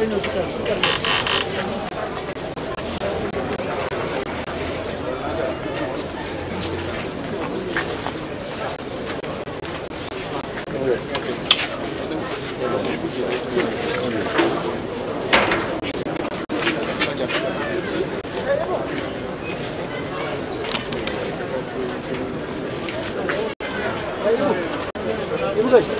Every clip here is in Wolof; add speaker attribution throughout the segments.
Speaker 1: ぐらい。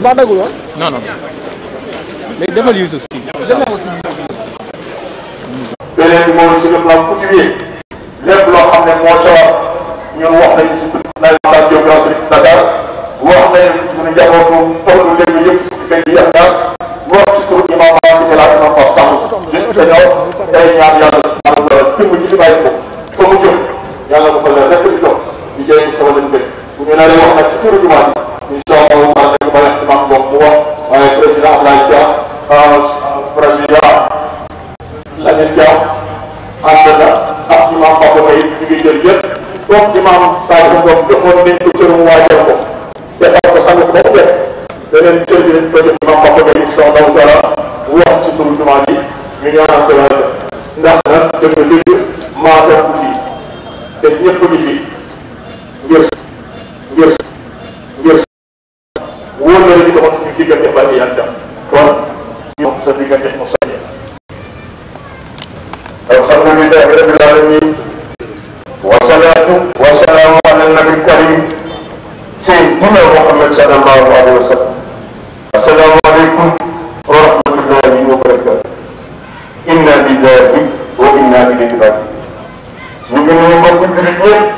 Speaker 1: mbaa dagul woon. non non léegi defal Youssouf kii. léeg-léeg moom ci le plan coutumier lépp loo xam ne moo ca war ñun wax nañu si naan la géographie de Dakar wax nañu suñu njabootu toolu léegi yëpp si kër yi ak wax ci turu imam ci la imam Pape Samb ñun dañoo day ñaan yàlla maanaam dimb ci li bàyyi ko fa mu jëm yàlla bu ko la rek di jox di jëriñ sama lañ bëgg bu ñu nee wax nag ci turu jumaa bi beneen cër gi dañ koy def ma mbokk ba ñu soxla wu dara wax ci turu jumaa ji ñu ñaanal ko yàlla ndax nag dëgg-dëgg maa bokk fii te ñëpp ñu fi ngir ngir ngir wóor na la ñu doxoon suñu diggante ba di yàlla kon ñu sa diggante mu sañee. alhamdulilah rabbil alamin wa salaatu wa salaamu ala nabi karim sayyidina Muhammad sallallahu alayhi wa sallam bi ñu doon ñu ngi leen a bokk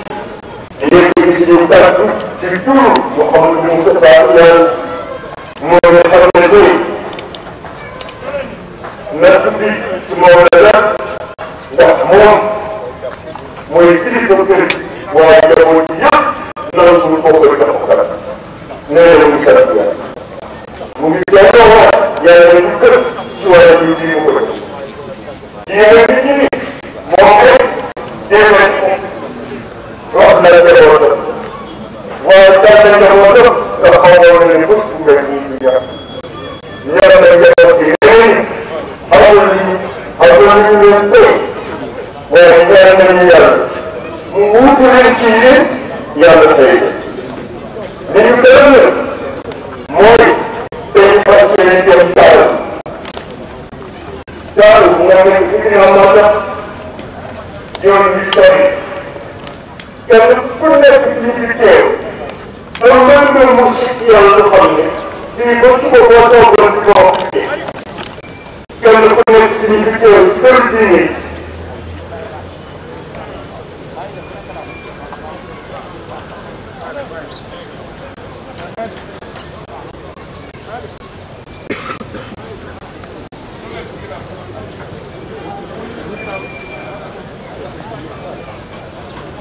Speaker 1: jullit ñëpp di yëkkati suñu kàddu ci tur Mouhamadou Moustapha Niass moo ñu xamal ne natt bi ci moom la def ndax moom mooy kilifa kër waa njaboot yëpp xamoon nañu ko ci mbéy mi ñu yàq ñëw nañu yàq ci léegi xamoon nañu xamoon nañu leen tey waaye ñaan nañu yàlla mu wut leen ci yéen yàlla tey li ñu gën a mooy tey fas yéene dem taal taal nga xam ne ci ginnaaw moo tax yoon bi sori kenn ku nekk ci ñu teew loolu mooy mbir mu ci yàlla lu xam ne fii ba suba boo toogoon di ko wax kenn ku nekk si ñu teew kër diine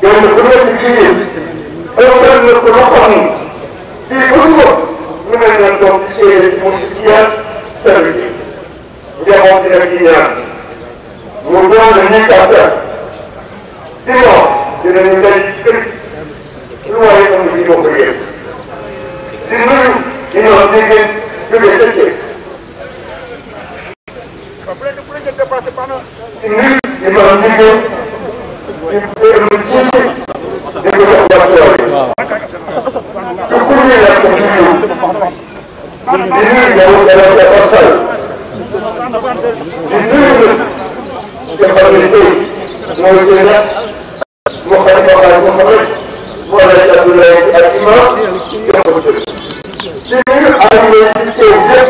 Speaker 1: kenn ku nekk ci dóor na ko loxoom a fii bëri ko ñu mel ne doom ci séeréer yi moom ci ñaar sell bi njaboot yi ak ñaar mu doon la ñuy gàttal ci moom dinañu day kër lu waay am fi ñoo ko yéen di nuyu ñu ñoo déggee jógee dëcce di nuyu ñu ñoo déggee موجودة مخرج وغير مخرج ولا يقبل الإمام يخرج جميع عائلة التوجه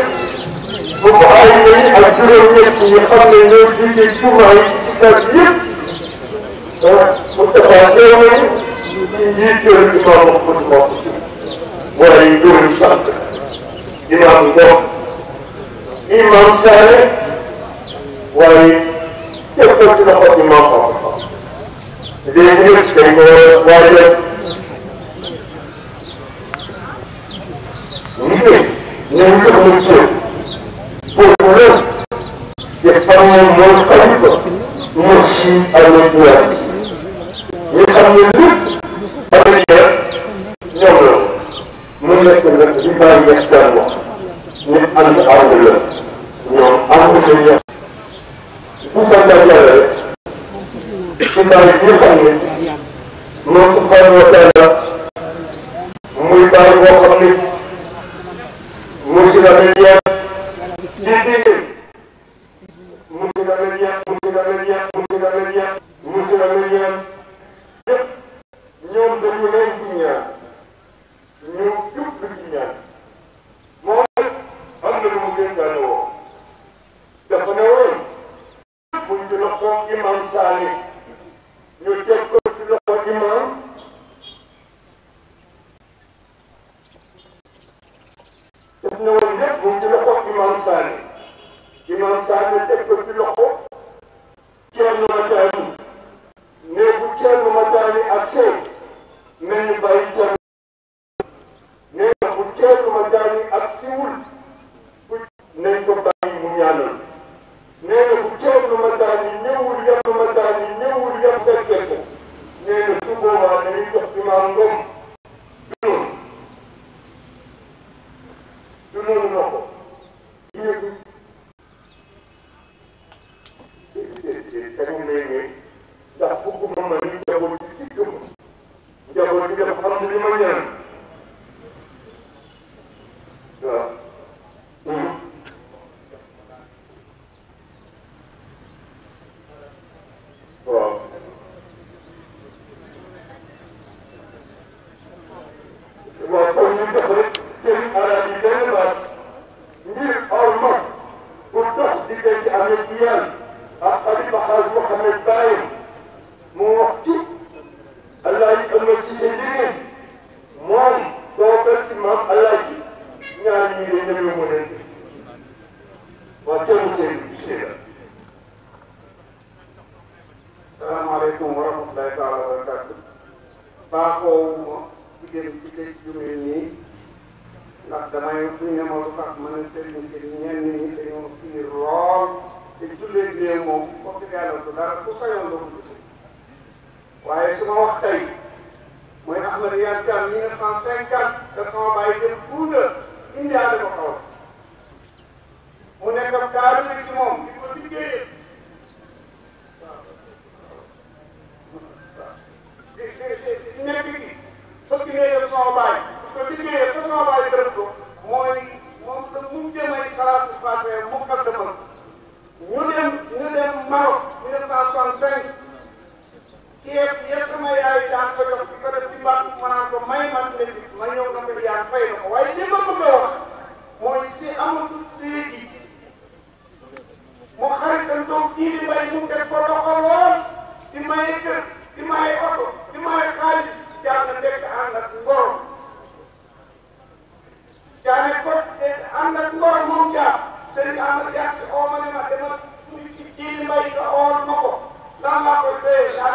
Speaker 1: وعائلة الجرم التي يقبل النوجي الجمعة تبديل متفاهمين يجير الإمام الخطبة ولا يدور الشعب إمام الله imam Sané waaye képp ci loxo imam Papa léegi ñëpp dañ ko waajal ngir ñoom ñëpp ñu cër pour lépp te xam ne mooy xalifa moo si amee ñaar ñu xam ne lépp amee ñaar ñoom la mu nekk nag li bàyyi ñaar wax ñu ànd ànd la ñoom amuñu seen yoon. bu sant yàlla rek. ci bàyyi bi nga xam ne. moom subhanahu wa taala
Speaker 2: muy bàyyi boo xam ne.
Speaker 1: muy si la di ci loxoom imam Saali ñu teg ko ci loxo imam def na woon lépp ci loxo imam Saali imam Saali teg ko ci loxo Ceerno Mataani néegu Ceerno Mataani ak Sey No. enojo. الطبيب حاج محمد باين موحتي الله يكمل سيدين موم دوبر إمام الله يعني ينمي منين وكم سيدين السلام عليكم ورحمة الله تعالى وبركاته باقو جëm ci tey ci mel nii ndax damay suñu ne ma lu tax mën a te di jullee néew moom wax dëgg yàlla du dara ku sañoon doo ko gis waaye su ma wax tey mooy Ahmed Yan Thiam mille neuf cent cinquante te sama bàyyi jël Fuuta indiaale ko xaw mu nekk ak taalibe ci moom di ko liggéeyee di di di nekk ci fukki néew sama bàyyi di ko liggéeyee sama bàyyi def ko mooy jiili mbay mu def ko loxo lool di maye kër di maye oto